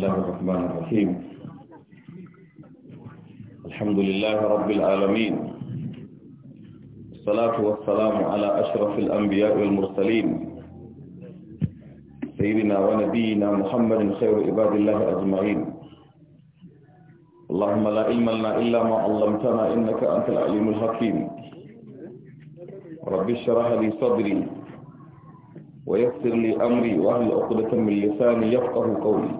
الله الرحمن الرحيم الحمد لله رب العالمين الصلاة والسلام على أشرف الأنبياء والمرسلين سيدنا ونبينا محمد خير عباد الله أجمعين اللهم لا علم لنا إلا ما علمتنا إنك أنت العليم الحكيم رب اشرح لي صدري ويسر لي أمري وأهل عقدة من لساني يفقه قولي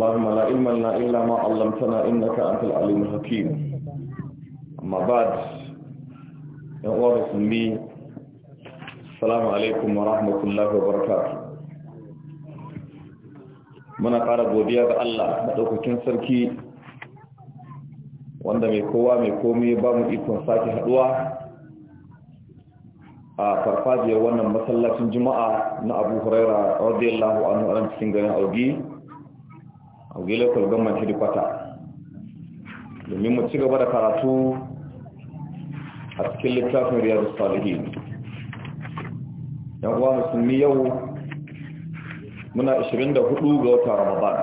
اللهم لا علم لنا إلا ما علمتنا إنك أنت العليم الحكيم أما بعد يقول اسمي السلام عليكم ورحمة الله وبركاته muna ƙara godiya ga Allah da ɗaukakin sarki wanda mai kowa mai komai ba mu ikon sake haɗuwa a farfajiyar wannan masallacin juma'a na abu huraira radiyallahu anhu a cikin garin augi a local government headquarter domin mu ci gaba da karatu a cikin littafin riyadu salihi yan uwa musulmi yau muna 24 ga wata ramadan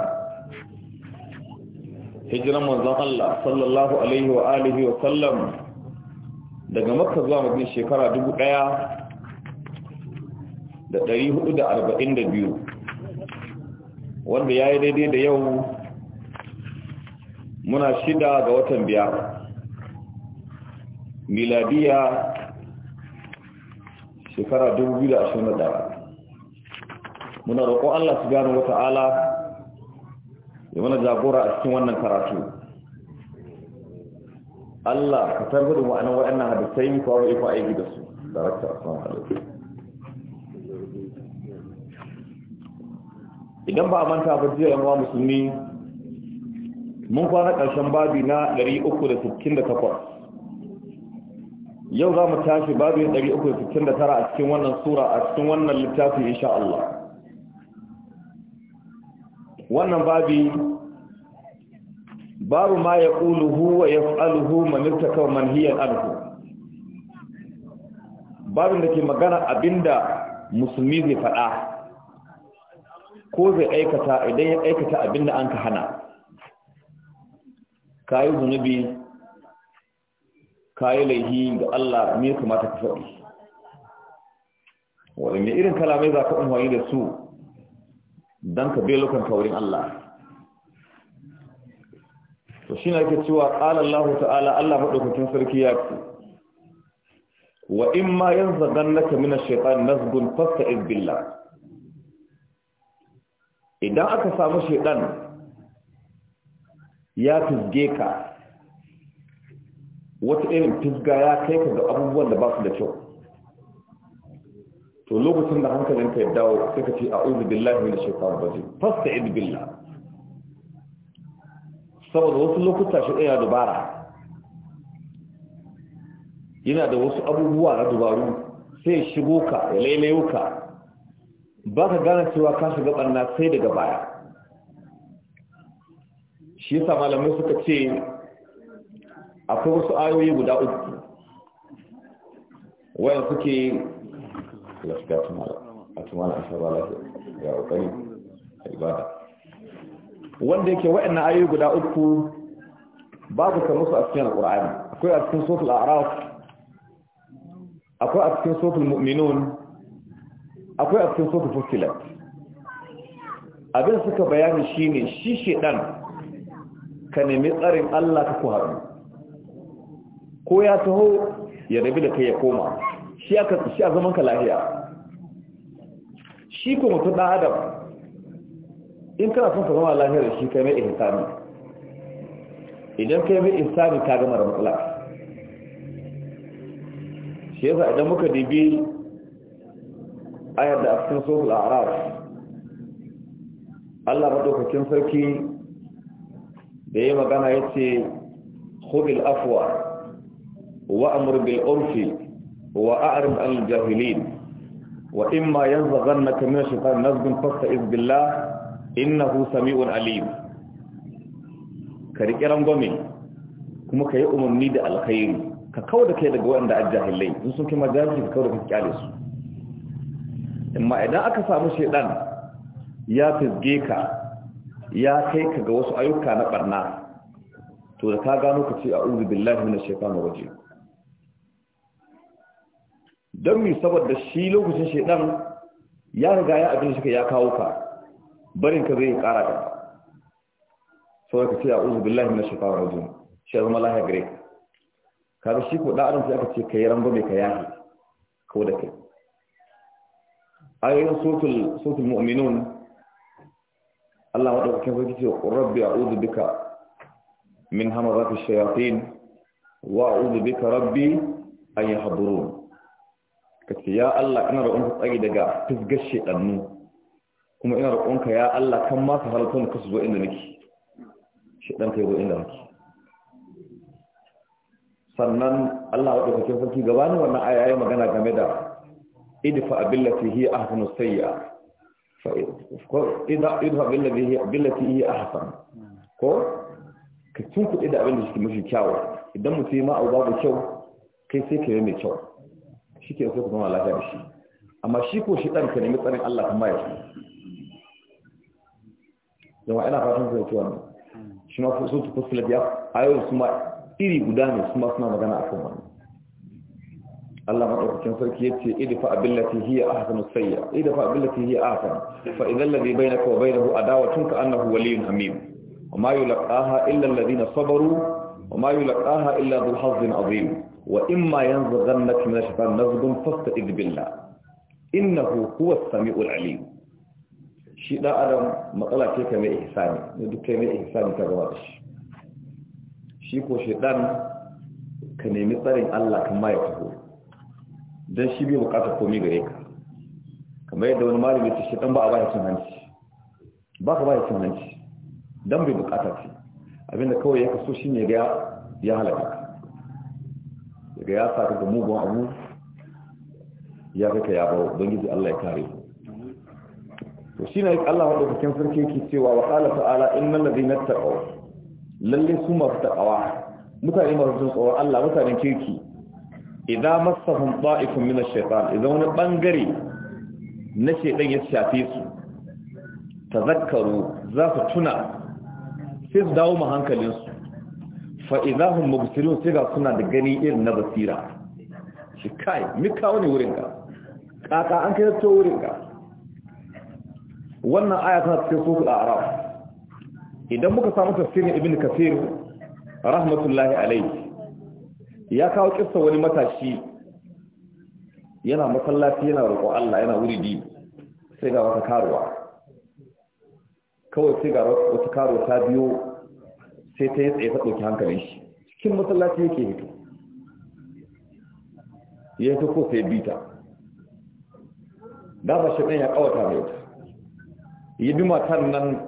hijiran manzon Allah sallallahu alaihi wa alihi wa sallam daga makka zuwa madina shekara 1442 wanda ya yi daidai da yau muna shida ga watan biyar miladiya shekara 2021 muna roƙon Allah su gano wata'ala ya mana jagora a cikin wannan karatu Allah ka tarbi da ma'anar wa'annan hadisai ko abu ikon aiki da su darakta assalamu halittu idan ba a manta ba jiya yan musulmi mun kwana ƙarshen babi na 368 yau za mu tashi babi 369 a cikin wannan sura a cikin wannan littafin insha Allah wannan babi babu ma ya ƙuluhu wa ya ma manirta kawai manhiyar alhu babin da ke magana abinda musulmi zai faɗa ko zai aikata idan ya aikata abin da an ka hana ka yi zunubi ka yi laihi ga Allah me kamata ka faɗi waɗanne irin kalamai za ka umarni da su don ka belukan kaurin Allah to shi na ke cewa ƙala ta'ala Allah maɗaukacin sarki ya ce wa in ma yanzu ganna ka mina shaitan nazgun fasta izbillah idan aka samu shaidan ya fizge ka wata irin fizga ya kai ka ga abubuwan da ba su da kyau to lokacin da hankalin ka ya dawo sai ka ce a uzu billahi min shaitan rajim fasta'id billah saboda wasu lokuta shi ɗaya dubara yana da wasu abubuwa na dubaru sai shigo ka ya lailayo ka ba ka gane cewa ka shiga barna sai daga baya shi yasa malamai suka ce akwai wasu ayoyi guda uku wayan suke lafiya a tumala a shaba lafiya ya ƙoƙari a ibada wanda yake na ayoyi guda uku babu kama su a cikin alƙur'ani akwai a cikin sofil a'raf akwai a cikin sofil mu'minun akwai a cikin sotu fukila abin suka bayani shi ne shi shaɗan ka nemi tsarin Allah ka ku haɗu ko ya taho ya rabi da kai ya koma shi a zaman ka lahiya shi ko mutum ɗan adam in kana son ka zama lahiyar shi kai mai ihsani idan kai mai ihsani ka gama da matsala shi yasa idan muka dibi ayar da a cikin suratul a'raf Allah madaukakin sarki da yayi magana yace khudil afwa wa amr bil urfi wa a'rid al jahilin wa imma yanzaghannaka min shaytan fasta fasta'iz inna innahu sami'un alim ka riƙi rangwame kuma ka yi umarni da alkhairi ka kawo da kai daga waɗanda ajahilai sun sun kima jahilci ka kawo da kai kyale su amma idan aka samu shaidan ya fizge ka ya kai ka ga wasu ayyuka na barna to da ka gano ka ce a'udhu billahi minash shaitani rajim dan mi saboda shi lokacin shaidan ya riga ya abin shi ya kawo ka barin ka zai kara ka sau ka ce a'udhu billahi minash shaitani rajim shi zama lahi gare ka ka shi ko da adam sai aka ce kai mai ka yahi ko da kai ayoyin sotul mu'minun Allah maɗaukakin sarki ce rabbi a a'udhu bika min hama ta shayatin wa a'udhu bika rabbi an Ka ce ya Allah ina da ka tsari daga fisgar shedannu kuma ina da ya Allah kan ma ka halatta ka zo inda nake shedan yi zo inda nake sannan Allah maɗaukakin sarki gabanin wannan aya yayi magana game da idfa billati hi ahsanu sayyi'a fa idha idha billati hi billati hi ahsan ko ka tunkuɗe da abin da shi mafi kyawu idan mutum ma abu babu kyau kai sai ka yi mai kyau shi ke sai ku zama lafiya da shi amma shi ko shi ɗan ka nemi tsarin Allah kuma ya shi yawa ina fatan zai tuwa ne shi ma so su fuskula biya ayoyin su ma iri guda ne su ma suna magana a kan wani Allah madaukakin sarki yace idfa billati hiya ahsanu sayya idfa billati hiya ahsan fa idhal ladhi bainaka wa bainahu adawatun ka annahu waliyyun hamim wa ma yulqaha illa alladhina sabaru wa ma yulqaha illa dhul hazzin azim wa imma yanzaghannaka min ash-shaytan nazghun fasta'id billah innahu huwa as-sami'ul alim shi da adam matsala ce ka mai ihsani ne duk kai mai ihsani ka gaba shi shi ko shaytan ka nemi tsarin Allah kan ma ya tafi don shi biyu bukatar komi gare ka kamar yadda wani malami ta shi dan ba a ba cin hanci ba ka ba cin hanci dan bai bukatar ce abinda kawai ya kaso shi ne ga ya halaka daga ya sa daga mugun abu ya kaka ya don gizi Allah ya kare to shi ne Allah wadda kakken sarki yake cewa wa qala ta'ala innal ladina taqaw lalle su masu taɓawa, mutane masu tsoron Allah mutanen kirki idan masahun ba'ikun min ash-shaytan idan wani bangare na shaytan ya shafe su tazakkaru za su tuna sai su dawo ma hankalin su fa idahum mubsirun sai ga suna da gani irin na basira shi kai mi kawo ne wurin ka kaka an kai to wurin ka wannan aya tana cikin sura al idan muka samu tafsirin ibn kathir rahmatullahi alayhi ya kawo kissa wani matashi yana masallaci yana roƙo Allah yana wuridi sai ga wata karuwa kawai sai ga wata karuwa ta biyo sai ta yi tsaye ta ɗauki hankalin shi cikin masallaci yake hito ya yi ko sai bita dama shi ɗan ya ƙawata mai wata ya bi matan nan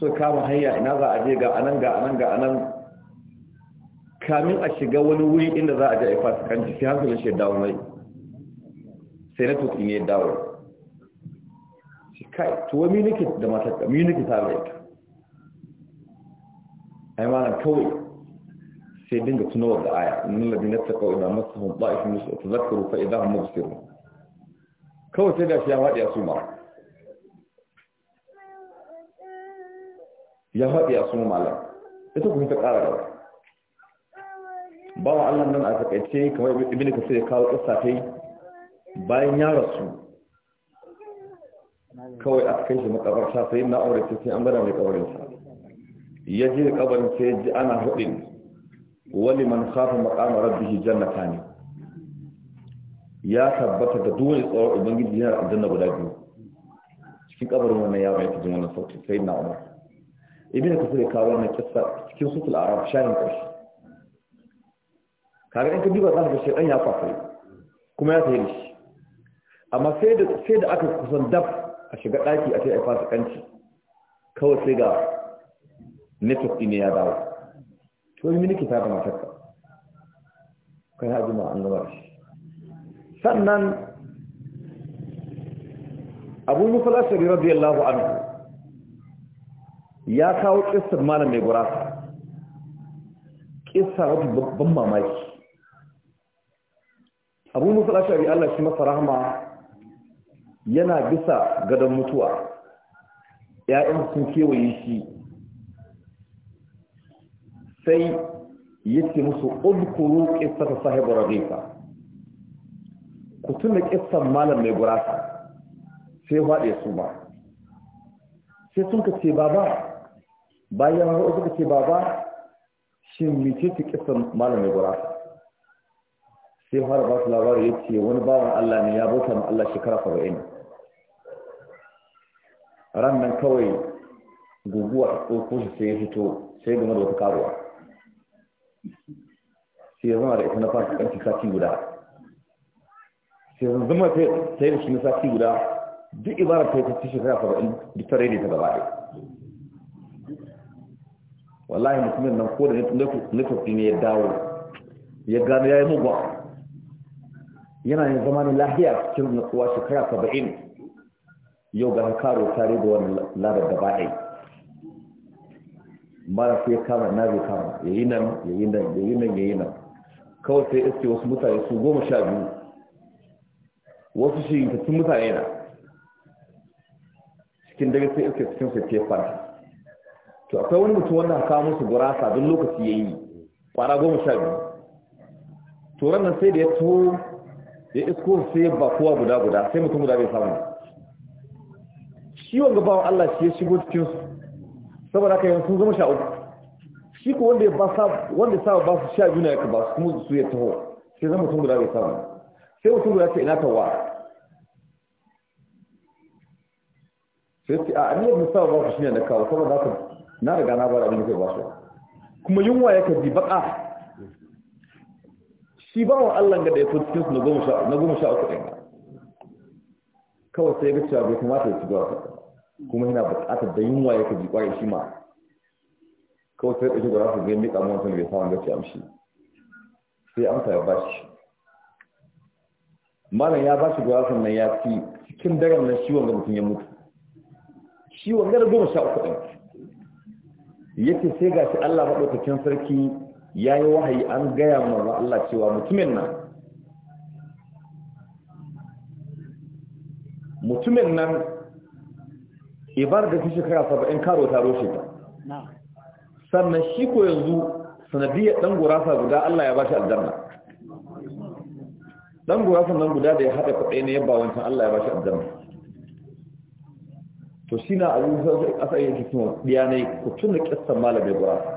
su kama hanya ina za a je ga anan ga anan ga anan kamin a shiga wani wuri inda za a je a yi fasikanci sai hankalin shi dawo mai sai na tuki ne dawo shi kai tuwa miniki da matakka nake ta mai ta yi malam kawai sai dinga tunawa da aya innal ladina taqaw idza massahum da'ifun min tadhakkaru fa hannu hum mubsirun kawai sai da shi ya wadi a ma ya wadi a suma malam ita kuma ta ƙara gaba bawa Allah nan a takaice kamar ibn kasir ya kawo kissa kai bayan ya rasu kawai aka kai shi makabarta sai na aure ce sai an gana mai kabarin sa ya je kabarin sai ya ji ana hudin wani man khafa maqama rabbih jannatan ya tabbata da duwai tsawon ubangiji yana aljanna guda biyu cikin kabarin wannan yaro yake jin wannan sauti sai na umar ibn kasir ya kawo wannan kissa cikin sutul arab shahin karshe kaga in ka duba za ka ga shaytan ya fafe kuma ya sayi shi amma sai da sai da aka kusan daf a shiga daki a sai a fasa kanci kawai sai ga network din ya dawo to ni nake ta da matarka kai haɗu ma an gama shi sannan abu nufal asiri radiyallahu anhu ya kawo kissar malam mai gurasa kissa wata babban mamaki abu musul ashari Allah shi masa rahama yana bisa gadon mutuwa ‘ya'yan sun kewaye shi sai yake musu ƙudkuru ƙista ta sahibar ragefa ku tuna ƙistan malam mai gurasa sai haɗe su ba sai sun ka ce baba bayan haɗe suka ce baba shi mice ta ƙistan malam mai gurasa sai fara ba su labari ya ce wani bawan Allah ne ya bauta ma Allah shekara saba'in ran nan kawai guguwa ta tsoko shi sai ya fito sai game da wata karuwa sai ya zama da ita na fasa ƙarfi sati guda sai ya zama ta yi da shi na sati guda duk ibarar ta yi ta shekara saba'in duk ta rede ta gaba ɗaya wallahi mutumin nan ko da nufafi ne ya dawo ya gano ya yi mugu yana yin zamanin lahiya cikin nutsuwa shekara saba'in yau ga karo tare da wani ladar da ba'ai mara sai kama na zai kama ya yi nan ya yi nan ya yi nan ya yi nan kawai sai iske wasu mutane su goma sha biyu wasu shi tattun mutane na cikin dare sai iske cikin sai ce fara to akwai wani mutum wanda kawo musu gurasa duk lokaci ya yi fara goma sha biyu turan nan sai da ya tuho ya isko sai ba kowa guda guda sai mutum guda bai samu shi wanga bawan Allah shi ya shigo cikin su saboda haka yanzu sun zama sha uku shi ko wanda ya ba sa wanda ya saba ba su sha biyu na yaka ba su kuma su ya taho sai zama mutum guda bai samu sai mutum guda ce ina wa sai ce a aniyar mu sa ba su shi ne na kawo saboda haka na riga na ba da abin da kai ba su kuma yunwa ya ka ji baka shi ba wa Allah ga da ya fi cikin su na goma sha uku ɗin kawai sai ga cewa bai kamata ya shiga ba kuma yana buƙatar da yunwa ya kaji kwaye shi ma kawai sai ɗauki gwara su zai miƙa mu wancan da bai samu gaci amshi sai amsa ya bashi malam ya bashi gwara sun nan ya fi cikin daren nan shi ga mutum ya mutu shi wanga da goma sha uku ɗin yake sai ga shi Allah maɗaukakin sarki ya yi wahayi an gaya manzon Allah cewa mutumin nan mutumin nan ibar da fi shekara saba'in karo ta roshe ta sannan shi ko yanzu sanadiyar ɗan gurasa guda Allah ya ba shi aljanna ɗan gurasa nan guda da ya haɗa kuɗe ne yabba wancan Allah ya ba shi aljanna to shi na abu sai asa cikin cewa diyanai ku da kissan malabai gurasa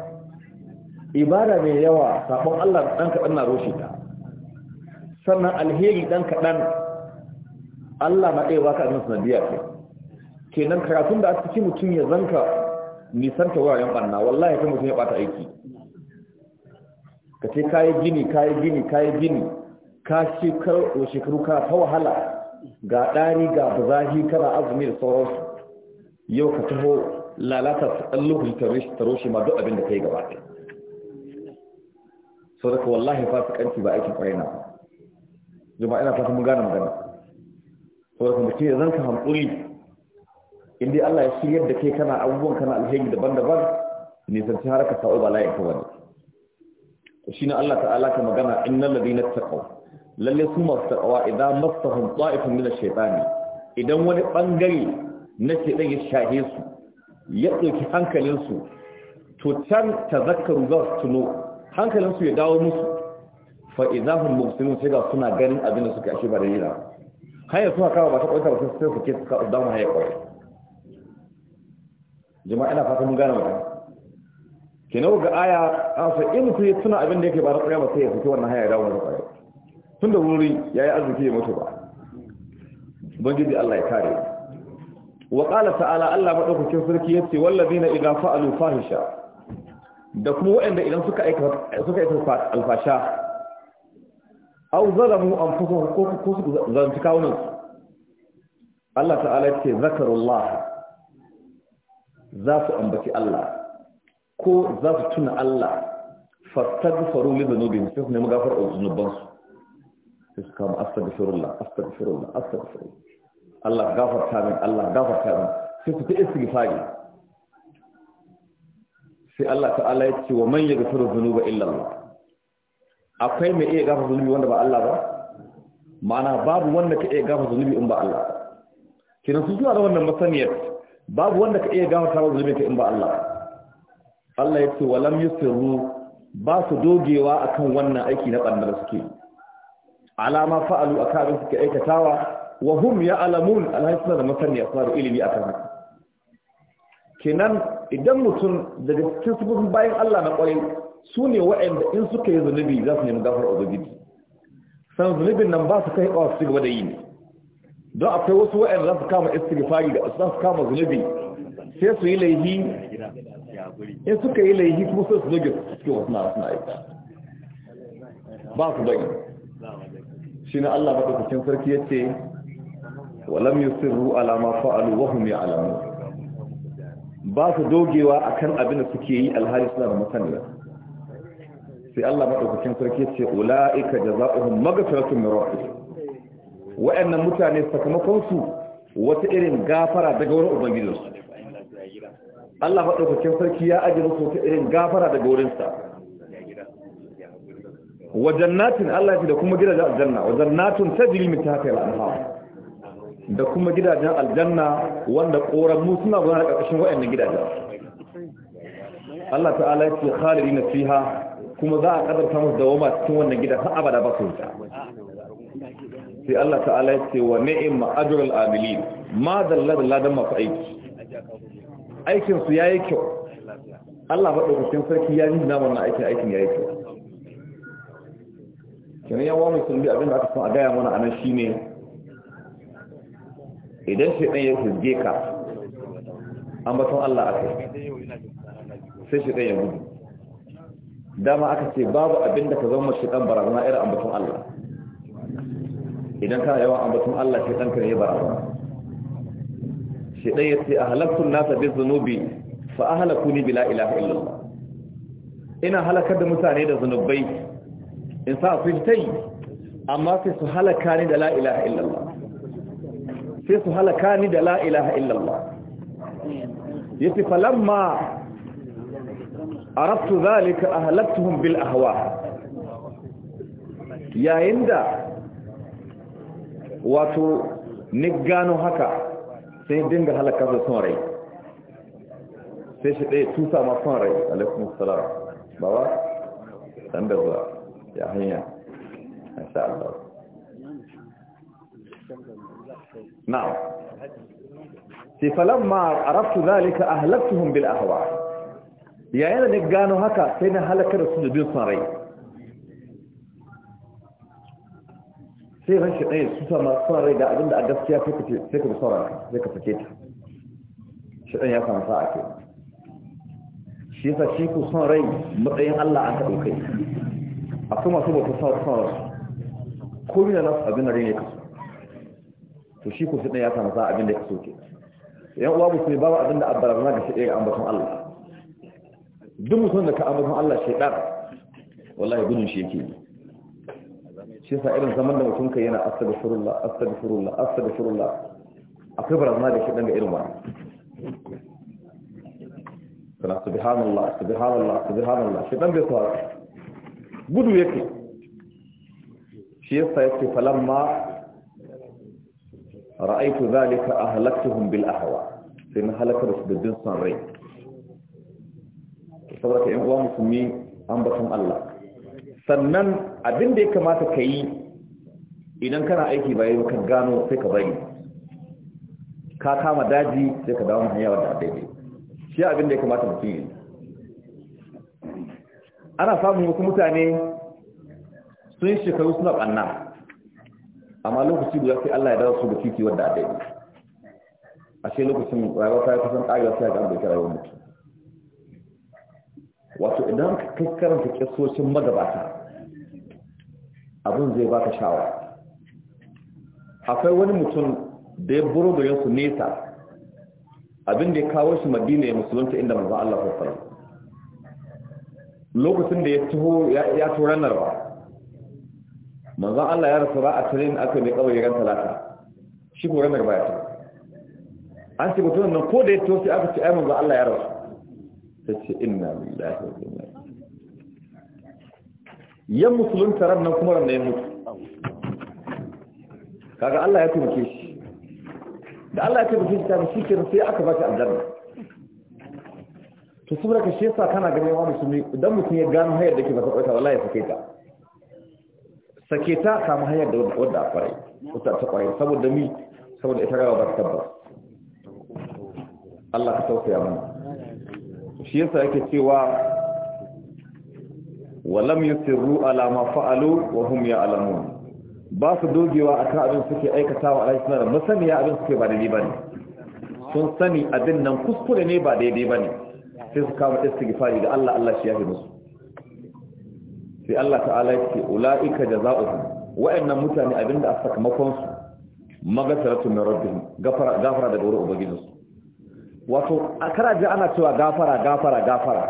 ibada mai yawa sabon Allah dan kaɗan na roshe ta sannan alheri dan kaɗan Allah na ɗaya baka abin sanadiyya ce kenan karatun da aka ci mutum ya zanka nisanta ta wuraren ɓanna wallahi ta mutum ya ɓata aiki ka ce kayi gini kayi gini kayi gini ka shekaru ka ta wahala ga ɗari ga buzahi kana azumi da sauransu yau ka taho lalata lokaci ta roshe ma duk abin da ka yi gaba ɗaya sau da wallahi fasikanci ba aikin kwarai na ina fata mun gane magana sau da mutum zan zanka hankuri inda Allah ya shiryar da kai kana abubuwan kana alheri daban-daban nisanci haraka sa'o ba layin kawai ne shi na Allah ta'ala ka magana in innal ladina taqaw lalle su masu taqwa idan masahum ta'ifun min ash-shaytani idan wani bangare na shaytan ya shahe su ya ɗauki hankalin su to can tazakkaru za su tuno hankalinsu ya dawo musu fa'izahun musulun sai ga suna ganin abinda suka ashe ba da yi na hanyar suna kawo ba ta ƙwarta ba sai su ke suka damu hanyar ƙwarta jama'a ina fata mun gane mutum ke nawa ga aya an sa in mutum ya tuna abin yake ba na ƙwarta ba sai ya fito wannan hanyar dawo da ƙwarta tun da wuri ya yi arziki ya mutu ba ubangiji Allah ya kare wa qala ta'ala Allah maɗaukakin sarki ya yace wallazina idza fa'alu fahisha da kuma waɗanda idan suka aika alfasha au zalamu anfusahum ko ko su zanci kawunan Allah ta'ala ya ce zakarullah za su ambaci Allah ko za su tuna Allah fastaghfiru li dhunubihim sai su nemi gafarar zunubansu sai su kama astaghfirullah astaghfirullah astaghfirullah Allah gafarta min Allah gafarta min sai su ta istighfari sai Allah ta'ala ya ce wa man yaghfiru zunuba illa Allah akwai mai iya gafa zunubi wanda ba Allah ba ma'ana babu wanda ka iya gafa zunubi in ba Allah kina su zuwa da wannan masaniyar babu wanda ka iya gafa tawa zunubi ka in ba Allah Allah ya ce walam yusiru ba su dogewa akan wannan aiki na bannar suke alama fa'alu akabin suke aikatawa wa hum ya'lamun alhaisna da masaniya faru ilimi akan haka kenan idan mutum daga cikin sufufin bayan Allah na kwarai su ne waɗanda in suka yi zunubi za su nemi gafar ubangiji san zunubin nan ba su kai ba su gaba da yi don akwai wasu waɗanda za su kama istighfari da za su kama zunubi sai su yi laihi in suka yi laihi kuma sai su zoge su cikin wasu na suna aika ba su bari shi na Allah maɗaukacin sarki ya ce walam yusirru alama fa'alu wa hum ya'lamun ba su dogewa a kan abin da suke yi alhari suna da masaniya sai Allah madaukakin sarki ce ulaika jazaohum maghfiratun min rabbih wa'annan mutane sakamakon su wata irin gafara daga wurin ubangijinsu Allah madaukakin sarki ya ajiye musu wata irin gafara daga wurinsa. Wajen natin Allah ya da kuma gidajen aljanna wa jannatun tajri min tahtiha al-anhar da kuma gidajen aljanna wanda koran mu suna gudana ƙarƙashin waɗannan gidajen Allah ta'ala ya ce na fiha kuma za a kadarta musu dawama cikin wannan gida har abada ba su wuta sai Allah ta'ala ya ce wa ni'ma ajrul amilin ma dalla da dan masu aiki aikin su yayi kyau Allah ba daukakin sarki ya yi na wannan aikin aikin yayi kyau kenan yawa musulmi abin da aka san a gaya mana anan shine idan shaidan ya hujje ka ambaton Allah aka sai shaidan ya gudu dama aka ce babu abinda ka zama shaidan barazana irin ambaton Allah idan kana yawan ambaton Allah shaidan kan yi barazana shaidan ya ce a ahlaktu nasa bi zunubi, fa a ahlakuni bila ilaha illallah ina halakar da mutane da zunubai in sa su tai amma sai su halaka ni da la ilaha illallah sai su halaka ni da la ilaha illallah yace falamma arabtu zalika ahlaktuhum bil ahwa yayin da wato ni gano haka sai dinga halaka da son rai sai shi ɗaya tusa ma son rai alaikun salam bawa ɗan da zuwa ya hanya insha Allah نعم فلما عرفت ذلك أهلكتهم بالأهواء يعني أنك قانوا هكا سينا هلك رسول بن صاري سينا إيه شقيل سوسا ما صاري دا أبن دا أقف فيها فيك بصورة فيك فكيتها شقيل يا سامة ساعتي شيسا شيكو صاري مقين الله عنك أوكي أكما سبب صار صار كل نفس أبن رينيك to shi ko shaidan ya samu za abin da ya kaso ke yan uwa musulmi babu abin da abbararna ga shaidan ga ambaton Allah duk mutum da ka ambaton Allah shaidan wallahi gudun shi yake yi shi sa irin zaman da mutum kai yana astaghfirullah astaghfirullah astaghfirullah akwai barazana da shaidan ga irin ba. kana subhanallah subhanallah subhanallah ɗan bai tsara gudu yake shi yasa yake falamma ra'aitu zalika ahlaktuhum bil ahwa sai na halakar su da bin san rai saboda yan uwa musulmi batun Allah sannan abin da ya kamata ka yi idan kana aiki ba yau ka gano sai ka bari ka kama daji sai ka dawo hanya da daidai shi abin da ya kamata mutum yi ana samun wasu mutane sun shekaru suna ɓanna amma lokaci guda sai Allah ya dawo su da titi wadda a yi a ce lokacin rayuwa ta kusan ƙarewa sai ga abin da rayuwar mutum wato idan ka karanta kyasoshin magabata abin zai baka shawara akwai wani mutum da ya buru da yansu nesa abin da ya kawo shi madina ya musulunta inda manzo Allah sallallahu lokacin da ya taho ya to manzon Allah ya rasu ba a tare aka mai kawai ran talata shi ko ranar baya ta an ce mutum nan ko da ya tosi aka ce ai manzon Allah ya rasu ta ce inna lillahi wa inna yan musulunta ran nan kuma ran ya mutu kaga Allah ya taimake shi da Allah ya taimake shi ta shi kenan sai aka ba shi aljanna to saboda ka shi yasa kana ganin wa musulmi idan mutum ya gano hayar da ke ba ta kwaita wallahi ya sake ta sake ta samu hanyar da wadda a kwarai ta kwarai saboda mi saboda ita gaba ba ta tabba. Allah ka tausaya mana shi yasa yake cewa walam yusirru ala ma fa'alu wa hum ya'lamun ba su dogewa akan abin suke aikatawa a cikin da masaniya abin suke ba daidai bane sun sani abin nan kuskure ne ba daidai bane sai su kama istighfari da Allah Allah shi ya musu sai Allah ta'ala ya ce ula'ika jaza'uhum wa'annan mutane abinda a sakamakon su magasaratu min rabbihim gafara gafara daga wurin ubangijin su wato a karaje ana cewa gafara gafara gafara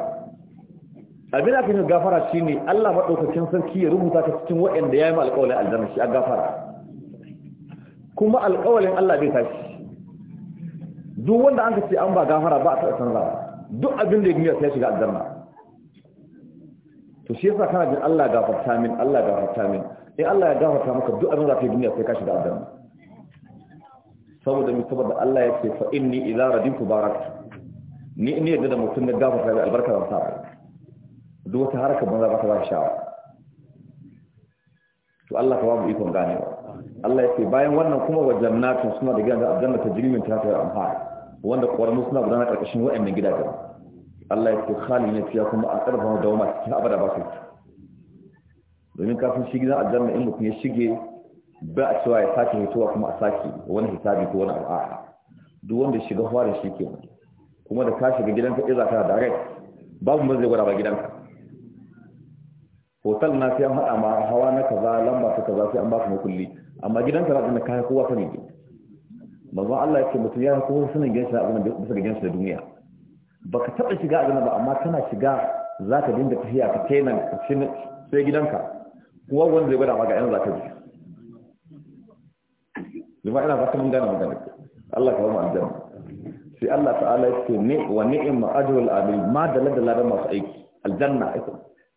abin kin yi gafara shine Allah madaukakin sarki ya rubuta ka cikin wa'anda yayi ma alƙawarin aljanna shi a gafara kuma alƙawarin Allah bai tashi duk wanda an ka ce an ba gafara ba a taɓa canza duk abinda ya gina sai shiga aljanna to shi yasa kana jin Allah gafarta min Allah gafarta min in Allah ya gafarta maka duk abin da kai duniya sai ka shiga aljanna saboda mi saboda Allah ya ce fa inni idza raditu baraktu ni ne yadda da mutum ya gafarta da albarka da sa duk wata harkar banza ba ta ba shawa to Allah ka babu ikon gane. Allah ya ce bayan wannan kuma wa jannatin suna da gidan da aljanna ta jirmin ta ta amfani wanda kwarmu suna gudanar karkashin wa'annan gidajen Allah ya ce halin ya fiya kuma a ƙarfa da wama cikin abada ba kai domin kafin shi gidan aljanna in mutum ya shige ba a cewa ya sake hitowa kuma a sake wani hisabi ko wani abu duk wanda shiga fara shi ke kuma da ka shiga gidanka za ka da rai babu mazai gwada ba gidanka hotel na sai an haɗa ma hawa na kaza lamba ta kaza sai an ba su makulli amma gidanka na ka kowa sani manzon Allah ya ce mutum ya kowa sanin gidansa abin da bisa ga gidansa da duniya baka taɓa shiga a ba amma tana shiga za ka ta tafiya ka kenan sai gidanka kuma wanda zai gwada maka yan za ka ji zama ina fata mun gane magana Allah ka ba mu aljanna sai Allah ta'ala ya ce ne wa ni'ma ajrul amil ma da ladalla da masu aiki aljanna ita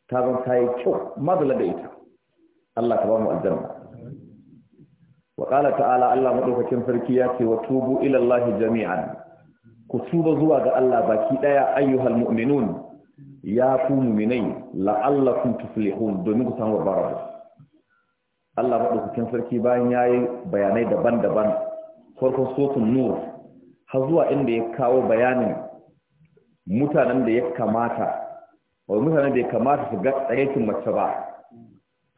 ta zan ta yi kyau ma da ladalla ita Allah ka ba mu aljanna wa qala ta'ala Allah madaukakin sarki ya ce wa tubu ilallahi jami'an ku tuba zuwa ga Allah baki daya ayyuhal mu'minun ya ku mu'minai la'allakum tuflihun domin ku samu baraka Allah madaukakin sarki bayan yayi bayanai daban-daban farko suratul nur har zuwa inda ya kawo bayanin mutanen da ya kamata wa mutanen da ya kamata su ga tsayakin mace ba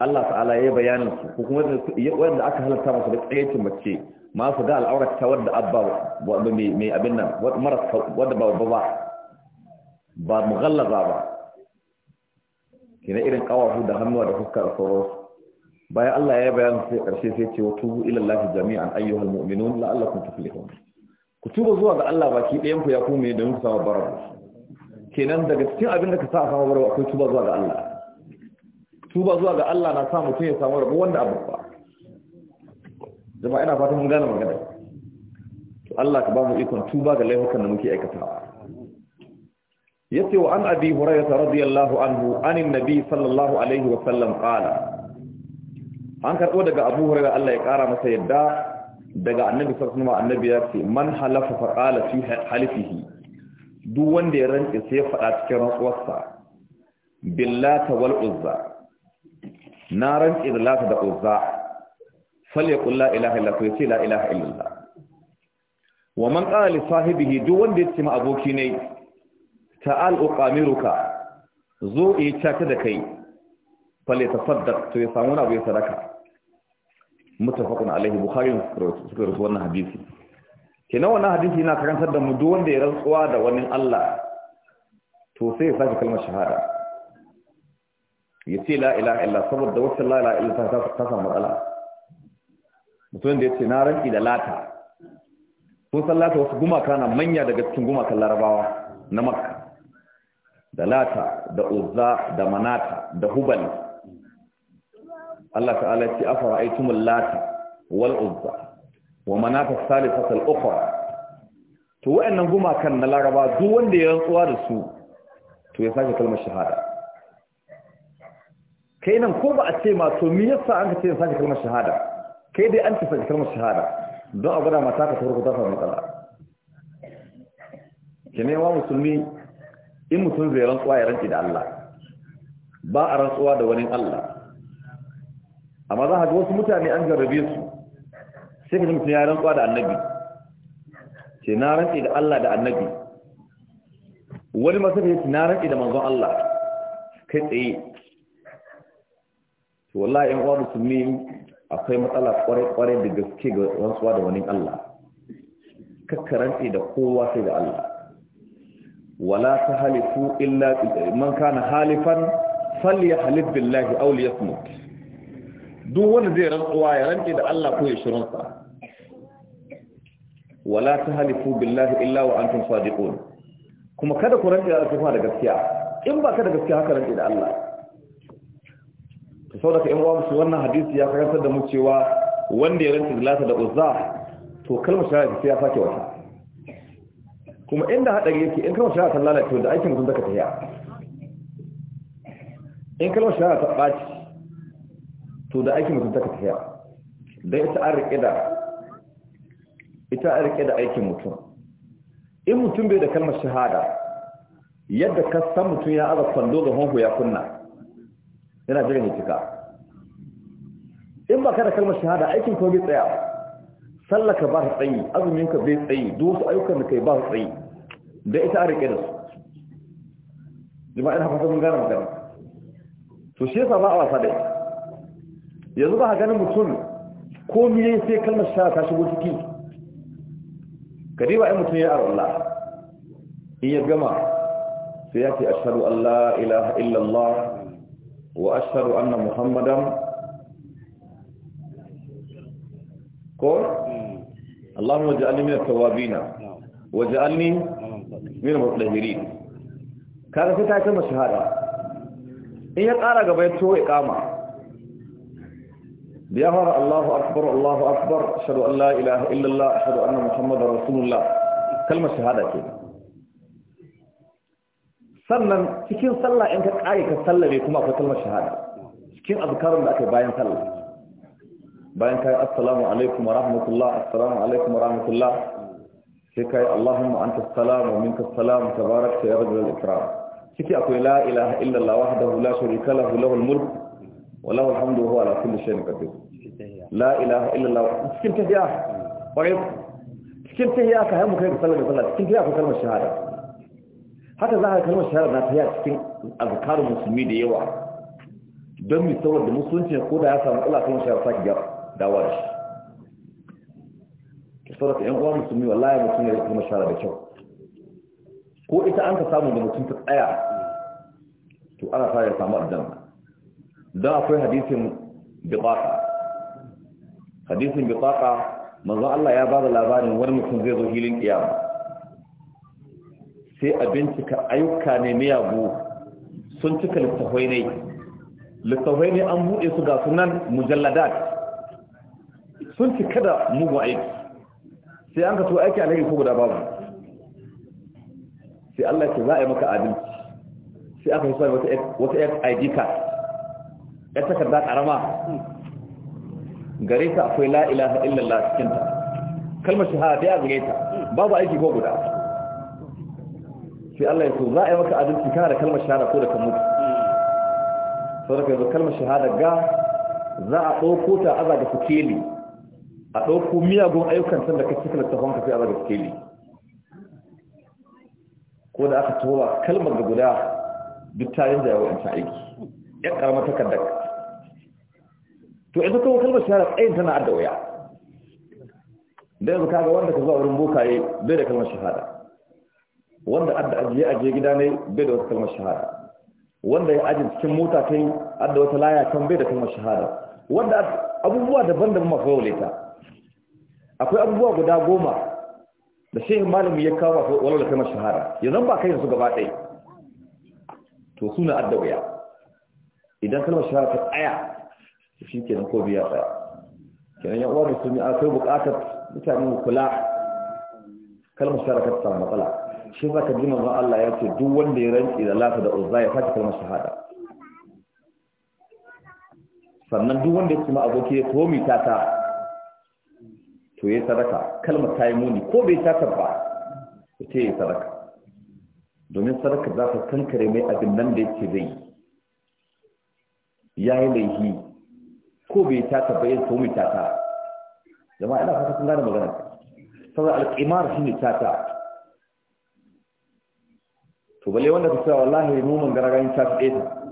Allah ta'ala ya yi bayanin su ko kuma wanda aka halatta masa da tsayakin mace ma su ga al'aurar ta wadda abba wadda mai abin nan wadda ba babba ba ba mughallaza ba kina irin kawafu da hannuwa da fuska da sauransu bayan Allah ya bayan sai ƙarshe sai ce wa tubu ila Allah jami'an ayyuhal mu'minun la'allakum tuflihun ku tuba zuwa ga Allah baki ɗayan ku ya ku mai don ku samu barabu kenan daga cikin abin da ka sa samu barabu akwai tuba zuwa ga Allah tuba zuwa ga Allah na sa mutum ya samu rabu wanda abu ba jama'a ina fatan mun gane magana to Allah ka ba mu ikon tuba ga laifukan da muke aikatawa yace wa an abi hurairah radiyallahu anhu anin nabi sallallahu alaihi wa sallam qala an karbo daga abu hurairah Allah ya kara masa yadda daga annabi sallallahu alaihi wa sallam annabi ya ce man halafa fa qala fi halifihi duk wanda ya rantsa sai ya faɗa cikin rantsuwarsa billata wal uzza na rantsa da lata da uzza falyaqul la ilaha illa ya ce la ilaha illallah wa man qala li sahibihi duk wanda ya ce ma aboki ne ta'al uqamiruka zo yi caka da kai falyatasaddaq to ya samu wani abu ya sadaka muttafaqun Alayhi bukhari suka rubuta wannan hadisi Ke nan wannan hadisi yana karantar da mu duk wanda ya rantsuwa da wani Allah to sai ya sake kalmar shahada ya ce la ilaha illa saboda wacce la ilaha illa ta samu matsala mutum da ya ce na ranki da lata sun san lata wasu gumaka na manya daga cikin gumakan larabawa na makka da lata da uzza da manata da hubal Allah ta'ala ya ce afara aitumul lata wal uzza wa manata salisata al ukhra to wayannan gumakan na laraba duk wanda ya rantsuwa da su to ya sake kalmar shahada kai nan ko ba a ce ma to me yasa an ka ce sake kalmar shahada kai dai an ci kalmar shahada don a gwada mata ka ta farko ta samu matsala ke wa musulmi in mutum zai rantsuwa ya rantsi da Allah ba a rantsuwa da wani Allah amma za a ga wasu mutane an jarrabe su sai ka mutum ya rantsuwa da annabi ke na rantsi da Allah da annabi wani masu da ya ce na rantsi da manzon Allah kai tsaye wallahi yan uwa musulmi akwai matsala kwarai-kwarai da gaske ga rantsuwa da wani Allah kakkarance da kowa sai da Allah wala ta halifu illa man kana halifan falli halif billahi ya liyasmut duk wani zai rantsuwa ya rantsi da Allah ko ya shirinsa wala ta halifu billahi illa wa antum sadiqun kuma kada ku rantsi da alfafa da gaskiya in ba ka da gaskiya haka rantsi da Allah sau da ka yan uwa musu wannan hadisi ya karantar da mu cewa wanda ya rinta zilata da uzza to kalmar shahada sai ya sake wata kuma inda hadari yake in kalmar shahada ta lalace da aikin mutum ka tafiya in kalmar shahada ta baci to da aikin mutum ka tafiya dan ita an rike da ita an rike da aikin mutum in mutum bai da kalmar shahada yadda ka san mutum ya aza kwando ga ya kunna yana jiran ya cika in ba ka da kalmar shahada aikin ko bai tsaya sallaka ba ta tsayi azuminka bai tsayi duk ayyukan da kai ba su tsayi da ita a rike da su jima'in haka sun gane magana to shi yasa ba a wasa da yanzu ba a ganin mutum ko miye sai kalmar shahada ta shigo ciki kadiba in mutum ya arwallah in ya gama sai ya ce ashhadu Allah! la ilaha illallah وأشهد أن محمدا قول اللهم اجعلني من التوابين واجعلني من المطهرين كان في تاكل مشهادة إن يقال قبيت شو إقامة بيهر الله أكبر الله أكبر أشهد أن لا إله إلا الله أشهد أن محمد رسول الله كلمة شهادة كده sannan cikin sallah in ka kare ka sallame kuma akwai kalmar shahada cikin azkarun da aka bayan sallah bayan kai assalamu alaikum wa rahmatullah assalamu alaikum wa rahmatullah sai kai allahumma anta assalam wa minka assalam tabarakta ya rabbal ikram ciki akwai la ilaha illa allah wahdahu la sharika lahu lahul mulk wa lahul hamdu wa huwa ala kulli shay'in qadir la ilaha illa allah cikin tahiyya wa cikin tahiyya ka hamu kai sallame sallah cikin tahiyya akwai kalmar shahada haka za a kalmar shahara na taya cikin azkarun musulmi da yawa don mai saurar da musulunci ko da ya samu kula kalmar shahara sake gaba dawa da shi ki saurar yan uwa musulmi wallahi mutum ya yi kalmar shahara da kyau ko ita an ka samu da mutum ta tsaya to ana sa ya samu aljanna don akwai hadisin biqaqa hadisin biqaqa manzo Allah ya bada labarin wani mutum zai zo hilin kiyama sai a bincika ayyuka ne miyagu sun cika littafai ne littafai ne an buɗe su ga sunan mujalladat sun cika da mugun aiki sai an ka so aiki alheri ko guda babu sai Allah ce za a yi maka abin sai aka yi wata ID card ya takarda karama gare ta akwai la illallah cikinta ta kalmar shahada ya gare ta babu aiki ko guda sai Allah ya so za a yi maka adalci kana da kalmar shahada ko da kan mutu saboda yanzu kalmar shahada ga za a ɗauko ta aza ga fukeli a ɗauko miyagun ayyukan sanda ka cikin tafon ka sai aza ga fukeli ko da aka towa kalmar da guda duk ta yin jawo yanci aiki ya karama takardar to ita kuma kalmar shahada tsayin tana adda waya da yanzu kaga wanda ka zuwa wurin bokaye bai da kalmar shahada wanda adda ajiye je gida ne bai da wata kalmar shahada wanda ya ajin cikin mota kai adda wata laya kan bai da kalmar shahada wanda abubuwa daban-daban mafi yau akwai abubuwa guda goma da shehu malami ya kawo walau da kalmar shahada yanzu ba kai da su gaba ɗaya to suna adda wuya idan kalmar shahada ta tsaya shi kenan ko biya tsaya kenan yan uwa musulmi akwai bukatar mutane kula kalmar shahada ta samu matsala shi za ka jima manzon Allah ya ce duk wanda ya rantsi da lafa da uzza ya fata kalmar shahada sannan duk wanda ya kuma aboki ya komi ta ta to ya sadaka kalmar ta yi muni ko bai ta ba ya ce ya sadaka domin sadaka za ka kankare mai abin nan da yake zai ya yi laihi ko bai ta ta ba ya komi ta ta jama'a ina fata kun gane magana saboda alƙimar shi ne ta ta to balle wanda ta cewa wallahi mu mun garagayin in tsaye ta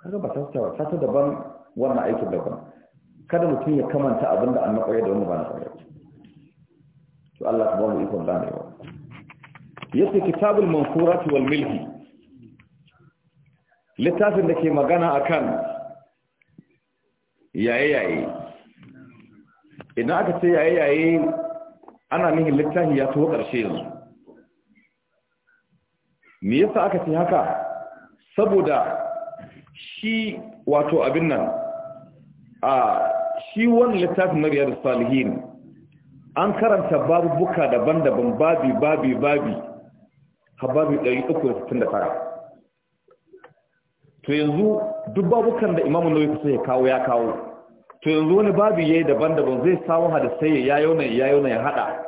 kaga ba ta cewa ta daban wannan aikin daban kada mutum ya kamanta abin da annabi ya da wani ba na tsaye to Allah ta ba mu ikon ganewa yace kitabul mansurat wal milhi littafin da ke magana akan yaye-yaye idan aka ce yaye-yaye ana nihin littafi ya tuwo ƙarshe yanzu me yasa aka ce haka saboda shi wato abin nan a shi wani littafin na riyar salihin an karanta babu buka daban-daban babi babi babi da 369 to yanzu duk babukan da imamu nauyi kusa ya kawo ya kawo to yanzu wani babi ya yi daban-daban zai samu hadisai ya yayo ya yayo ya hada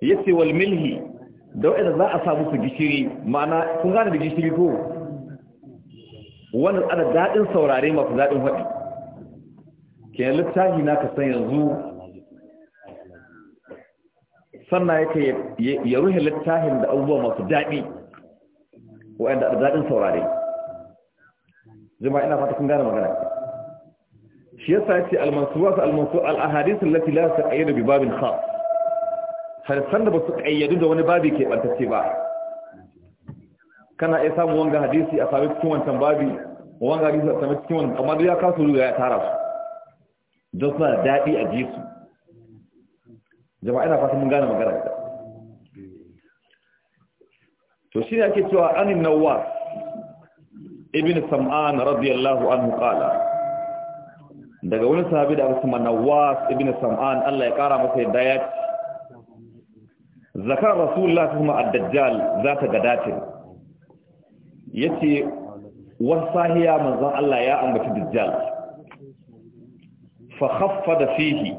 ya ce walmilhi milhi da wa'anda za a samu su gishiri ma'ana kun gane da gishiri ko wannan ana daɗin saurare masu daɗin faɗi ke littafi na ka san yanzu sannan yake ya ruhe littafin da abubuwa masu daɗi wa'anda ana daɗin saurare zama ina fata kun gane magana shi yasa ya ce almansuwa su almansuwa al'ahadisun lafi la su ƙayyar da bibabin khas harsan da ba su ƙayyadu da wani babi ke ɓantacce ba kana iya samun wanga hadisi a sami cikin wancan babi wanga hadisi a sami cikin wancan amma ya kasu ruga ya tara su don suna da daɗi a ji su jama'a ina fata mun gane magana da to shi ne ake cewa anin nawa ibn sam'an radiyallahu anhu qala daga wani sahabi da aka sama nawas ibn sam'an Allah ya kara masa yadda ya ci zakar rasulullah kuma ad-dajjal zata gadate yace wasahiya manzon Allah ya ambaci dajjal fa khaffada fihi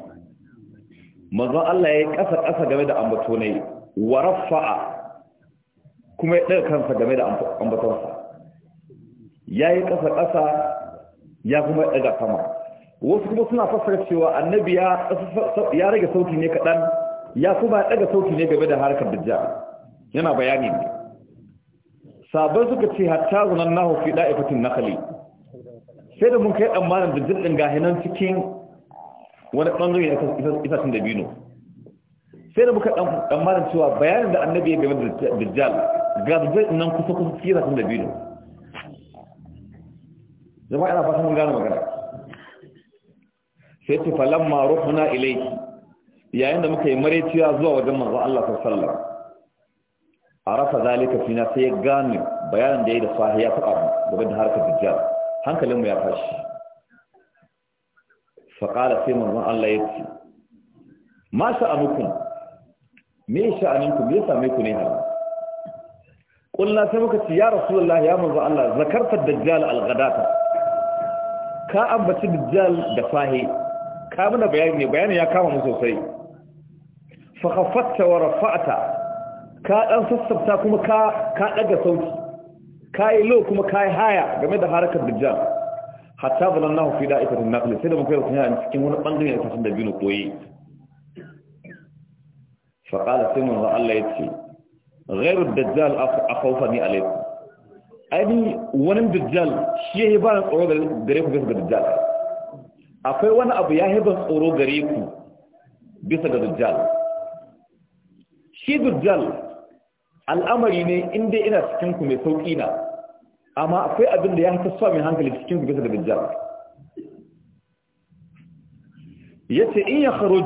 manzon Allah ya kasa kasa game da ambato ne wa rafa'a kuma ya daga kansa game da ambatonsa yayi kasa kasa ya kuma daga sama wasu kuma suna fassara cewa annabi ya rage sautin ne kadan ya kuma daga sauki ne game da harkar dajjal yana bayani ne Sabon suka ce hatta zunan nahu fi da'ifatin nakali sai da mun kai tsammanin dajjal din gahinan cikin wani bangare na da dabino sai da muka tsammanin cewa bayanin da annabi ya game da dajjal ga dajjal nan kusa kusa cikin da dabino zama ina fata mun gane magana sai tufalan ma ruhuna ilayki yayin da muka yi maraiciya zuwa wajen manzo Allah sallallahu a rasa zalika fina sai ya gane bayanin da ya yi da sahi ya taɓa game da harkar dajjal hankalinmu ya tashi faƙala sai manzon Allah ya ce ma sha'anukum me sha'aninku me same ku ne har Ƙulla sai muka ce ya rasulullah ya manzo Allah zakarta dajjal al-ghadata ka ambaci dajjal da fahi ka muna bayani ne bayani ya kama mu sosai فخفت ورفعت ka dan sassafta kuma ka ka daga sauti kai low kuma kai haya game da harakar dajjal hatta zalannahu fi da'ikatin naqli sai da mun kai rukunya cikin wani bangare da kasan da binu koyi fa qala sai mun ga Allah yace ghayru dajjal akhawfani alaykum ai wani dajjal shi yayi ba tsoro gare ku bisa ga dajjal akwai wani abu yayi ba tsoro gare ku bisa ga dajjal shi dujjal al'amari ne in ina cikin ku mai sauƙi na amma akwai abin da ya haka sa mai hankali cikin ku bisa da Ya ce in ya kharuj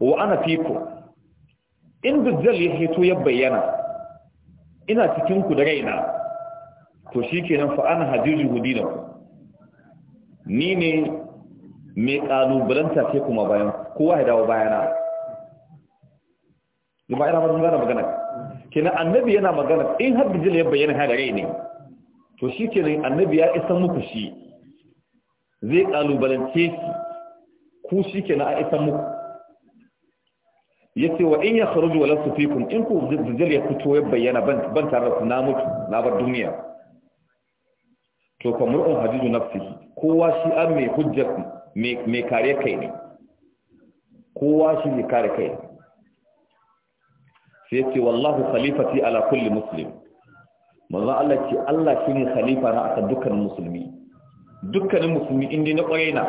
wa ana fiku in dujjal ya hito ya bayyana ina cikin ku da raina to shikenan fa ana hajiju hudina ni ne mai kalubalanta ce kuma bayan kowa ya dawo bayana jama'a ina mun gane magana Kina annabi yana magana in har bijil ya bayyana ha da rai ne to shi annabi ya isa muku shi zai kalubalance shi ku shi a isa muku yace wa in ya kharuju wala sufikum in ku bijil ya fito ya bayyana ban ban tare da na mutu na bar duniya to fa mur'un hadiju nafsihi kowa shi an mai hujjar mai kare kai ne kowa shi ne kare kai ne sai ce wallahu khalifati ala kulli muslim manzo Allah ce Allah shine khalifa na akan dukkanin musulmi dukkanin musulmi inda na kwarai na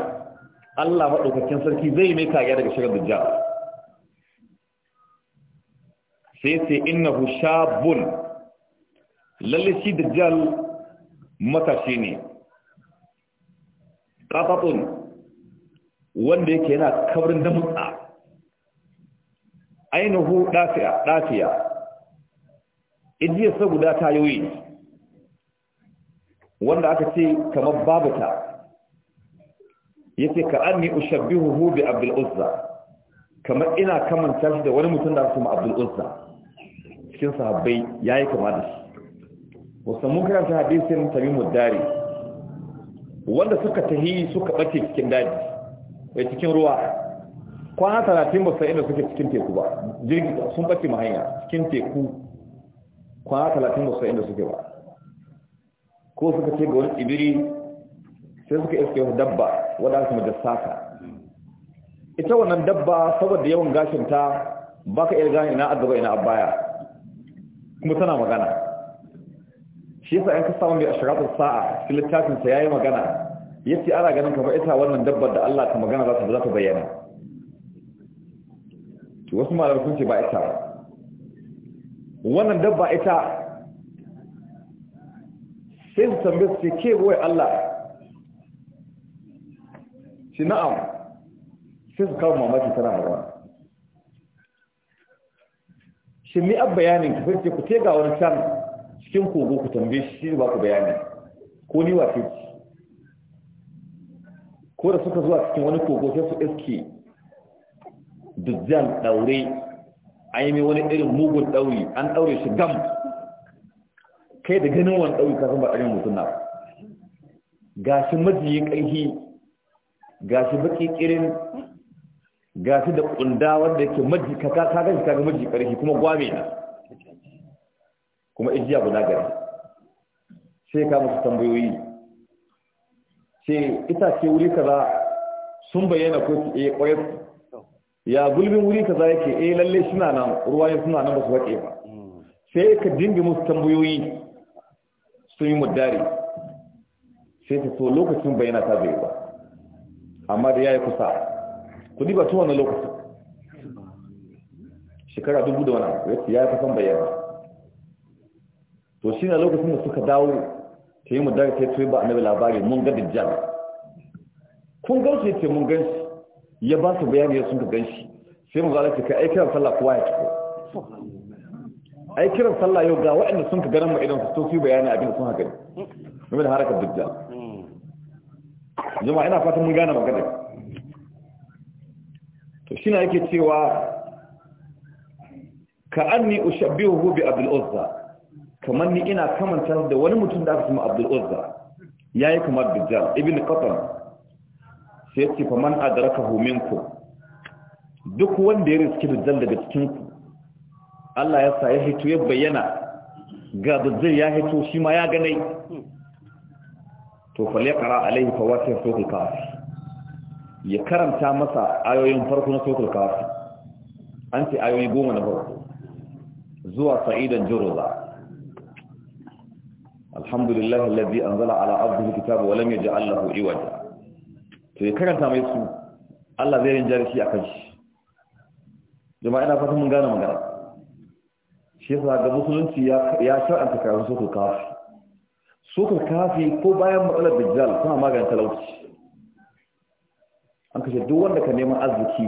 Allah madaukakin sarki zai mai kariya daga shirin dajjal sai ce innahu shabun lalle shi dajjal matashi ne qatatun wanda yake yana kabrin damutsa ainihu dafiya dafiya idiyarsa guda tayoyi wanda aka ce kamar Ya yace ka anni ushabbihuhu bi abdul uzza kamar ina kamanta shi da wani mutum da kuma abdul uzza cikin sahabbai yayi kama da shi musamman karanta hadisin tamimud dare. wanda suka tahi suka bace cikin daji mai cikin ruwa kwana talatin ba sai inda suke cikin teku ba jirgi sun ɓace ma hanya cikin teku kwana talatin ba sai inda suke ba ko suka ce ga wani tsibiri sai suka iske wata dabba wadda aka majassaka ita wannan dabba saboda yawan gashinta ba ka iya gane ina a gaba ina a baya kuma tana magana shi yasa in ka samu mai ashiratun sa'a shi littafinsa ya yi magana yace ana ganin kamar ita wannan dabbar da Allah ta magana za ta bayyana to wasu malamai sun ce ba ita ba wannan dabba ita sai su tambaye su ce ke boye Allah shi na'am sai su kawo mamaki tana magana shi ni ab bayanin ki sai ku tega wani can cikin kogo ku tambaye shi shi ba ku bayani ko ni wa ce ko da suka zuwa cikin wani kogo sai su iske dujjal daure a yi wani irin mugun dauri an daure shi gam kai da ganin wani dauri kafin ba ɗarin mutum na ga gashi majiyin ga shi baki kirin shi da kunda wanda yake maji ka ka gaji ka ga maji ƙarfi kuma gwame na kuma ijiya guda gari sai ka musu tambayoyi sai itace wuri kaza sun bayyana ko su iya eh, ƙwayar ya gulbin wuri kaza yake eh lalle suna nan ya suna nan ba su waƙe ba sai ka dinga musu tambayoyi sun yi muddari sai ta so lokacin bayyana ta bai ba amma da ya yi kusa ku ba tuwa na lokacin shekara dubu da wani ya yi kusan bayyana to shi na lokacin da suka dawo ta yi muddari ta yi ba a nabi labari mun ga dajjal kun gansu ya ce mun gansu ya ba su bayani ya sun ka ganshi sai mu zalata kai aikiran sallah kuwa ya tuko aikiran sallah yau ga waɗanda sun ka ganin mu idan su su bayani abin sun haka game da harakar dukkan jama'a ina fatan mun gane magana to shi na yake cewa ka anni ushabbihu bi abdul uzza kamar ni ina kamanta da wani mutum da aka sama abdul uzza yayi kamar dajjal ibn qatan sai ce fa man adrakahu minkum duk wanda ya riski dajjal daga cikin ku Allah ya sa ya hito ya bayyana ga dajjal ya hito shi ma ya ganai to fal yaqra alaihi fawatih suratul kafi ya karanta masa ayoyin farko na suratul kafi an ce ayoyi goma na farko zuwa sa'idan juruza alhamdulillah alladhi anzala ala abdihi alkitaba wa lam yaj'al lahu to ya karanta mai su Allah zai jarisi a kan shi jama'a ina fatan mun gane magana shi yasa ga musulunci ya shar'anta karatun sokul kafi sokul kafi ko bayan matsalar bijjal suna magana talauci an kashe duk wanda ka neman arziki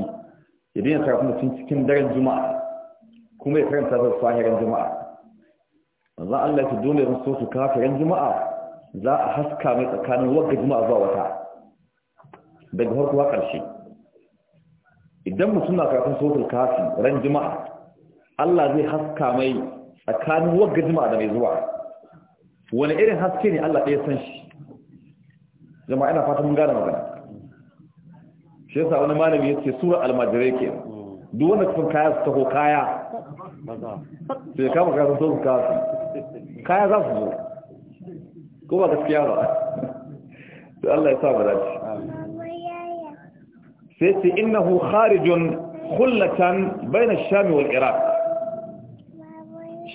ya daina karatun da cikin daren juma'a kuma ya karanta ta sahiran juma'a manzon Allah ya tudo ne so su kafiran juma'a za a haska mai tsakanin wagga juma'a zuwa wata daga farko a ƙarshe idan mutum na karatun sautul kafi ran jima'a Allah zai haska mai tsakanin wagga jima'a da mai zuwa wani irin haske ne Allah ɗaya san shi jama'a yana fata mun gane magana shi yasa wani malami ya ce sura almajirai ke duk wanda kafin kaya su taho kaya sai kama karatun sautul kafi kaya za su zo ko ba gaskiya ba Allah ya sa ba dace sai ce innahu kharijun khullatan bayna shami wal iraq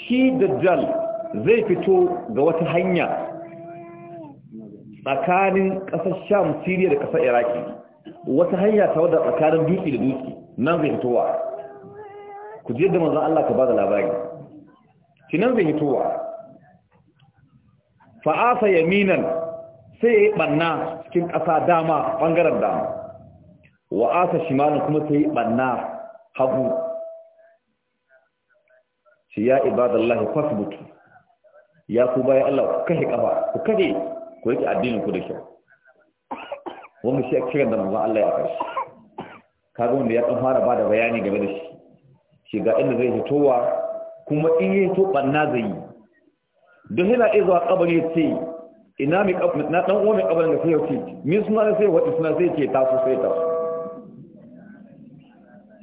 shi dajjal zai fito ga wata hanya tsakanin ƙasar sham siriya da ƙasar iraki wata hanya ta wadda tsakanin dutse da dutse nan zai fitowa ku je da manzan Allah ka ba da labari shi nan zai fitowa fa'asa yaminan sai ya yi ɓanna cikin ƙasa dama ɓangaren dama wa shi shimalin kuma ta yi ɓanna hagu shi ya ibadallahi fasbutu ya ku bayan Allah ku kashe ƙafa ku kashe ku yake addinin ku da kyau wanda shi a kiran da Allah ya Ka kaga wanda ya ɗan fara bada bayani game da shi shi ga inda zai fitowa kuma in yi to ɓanna zai yi don yana iya zuwa ƙabari ya ce ina mai na ɗan uwa mai ƙabarin da sai yau ce min suna sai wa isna sai ce taso sai taso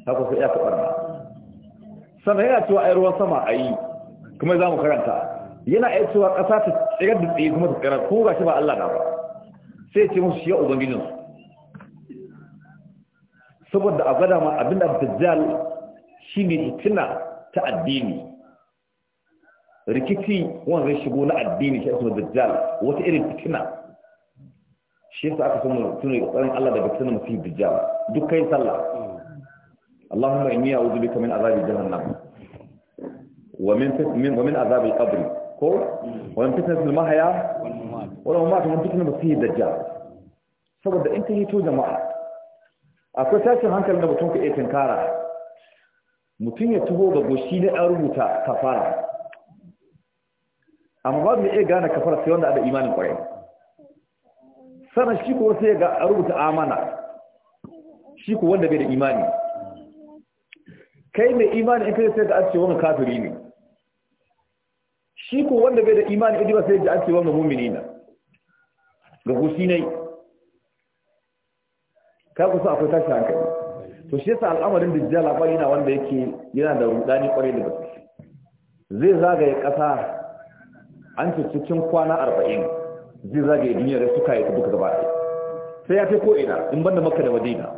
haka sai ya fi ɓarna sannan yana cewa ai ruwan sama a yi kuma za mu karanta yana ai cewa ƙasa ta tsirar da tsaye kuma ta tsirar ko ga shi ba Allah na ba sai ce musu ya ubangijin saboda a gwada ma abinda dajjal shi ne fitina ta addini rikici wanda zai shigo na addini shi ake dajjal wata irin fitina shi yasa aka samu tunai tsarin Allah daga tunan mutum dajjal duk kai sallah اللهم إني أعوذ بك من عذاب جهنم ومن من ومن عذاب القبر كو ومن فتنة المحيا والممات ومن فتنة المسيح الدجال saboda in ta hito jama'a akwai tashin hankali da mutum ka iya tinkara mutum ya tuho ga goshi na ɗan rubuta kafara amma ba ya iya gane kafara sai wanda ada imanin ƙwarai sannan shi ko sai ya ga rubuta amana shi ko wanda bai da imani kai mai imani in kai sai da ake wani kafiri ne shi ko wanda bai da imani in ba sai da ake wani mumini ne ga kusi ne ka kusa akwai tashi hankali to shi yasa al'amarin dajjal labari yana wanda yake yana da rudani kwarai da gaske zai zagaye kasa an ce cikin kwana arba'in zai zagaye duniya da suka yi duka gaba sai ya fi ko ina in banda makka da madina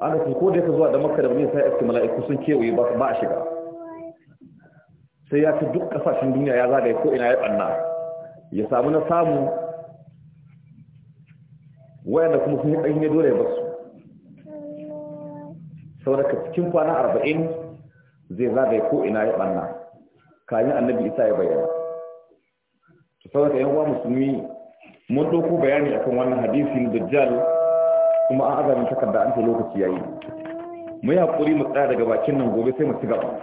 aka ce ko da ka zuwa da makka da bane sai iska mala'iku sun kewaye ba a shiga sai ya ci duk kasashen duniya ya zagaye ko ina ya banna ya samu na samu wayanda kuma sun yi ɗanye dole ya basu da cikin kwana arba'in zai zagaye ko ina ya banna kayan annabi isa ya bayyana da yan uwa musulmi mun ɗauko bayani akan wannan hadisin dajjal kuma an azamin takarda an ce lokaci ya yi. mu yi haƙuri mu tsaya daga bakin nan gobe sai mu ci gaba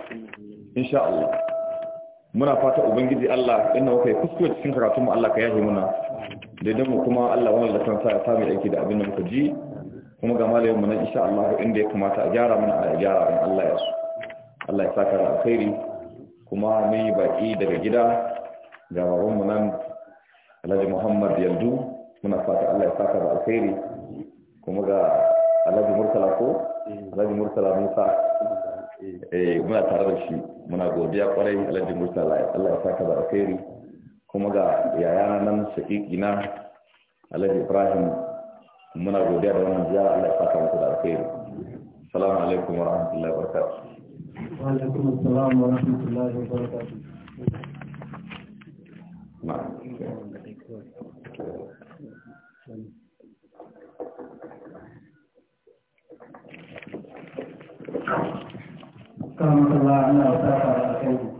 insha Allah muna fata ubangiji Allah inna waka kuskure cikin karatun mu Allah ka yaje muna Daidai mu kuma Allah wannan da kansa ya samu aiki da abin da muka ji kuma ga malamin mu nan insha Allah inda ya kamata a gyara mana a gyara in Allah ya so Allah ya saka da alkhairi kuma mun yi baki daga gida ga babanmu nan Alhaji Muhammad Yaldu muna fata Allah ya saka da alkhairi kuma ga alhaji murtala ko eh. alhaji murtala musa eh muna tare da shi muna godiya kwarai alhaji murtala Allah ya saka da kuma ga yayana nan shaƙiƙi na alhaji ibrahim muna godiya da wannan ziyara Allah ya saka da alkhairi assalamu alaikum wa rahmatullahi wa barakatuh wa alaikum assalam wa rahmatullahi wa barakatuh kan matsala ana wata fara a kai